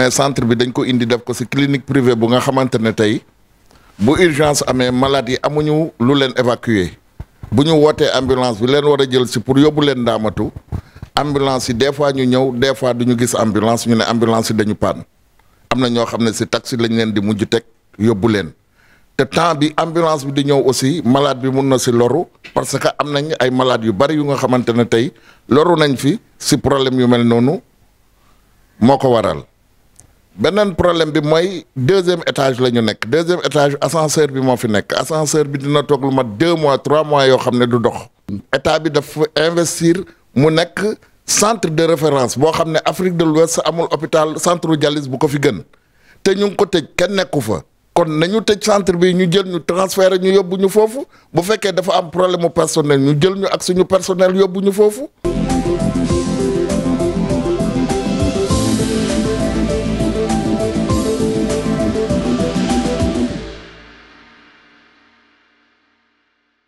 mais centre bi dañ ko indi def ko ci clinique privée bu nga xamante ne tey bu urgence amee malade yi amuñu lu leen évacuer bu ñu wootee ambulance bi leen war a jël si pour yóbbu leen daamatu ambulance yi des fois ñu ñëw des fois du ñu gis ambulance ñu ne ambulance yi dañu panne am na ñoo xam ne ci taxi lañ leen di mujj teg yóbbu leen te temps bi ambulance bi di ñëw aussi malade bi mun na si loru parce que am nañ ay malade yu bari yu nga xamante ne tey loru nañ fi ci problème yu mel noonu moo benen problème bi moy deuxième étage lañu nek deuxième étage ascenseur bi mo fi n'ek ascenseur bi dina tok lu mat deux mois trois mois yo xamné du dox. état bi dafa investir mu nekk centre de référence bo xamné Afrique de l'Ouest amul hôpital centre dialyse bu ko fi gën té ñu ko tej kenn nekku fa. kon nañu tej centre bi ñu jël ñu transférer ñu yobu ñu fofu bu féké dafa am problème personnel ñu jël ñu ak suñu personnel yobu ñu fofu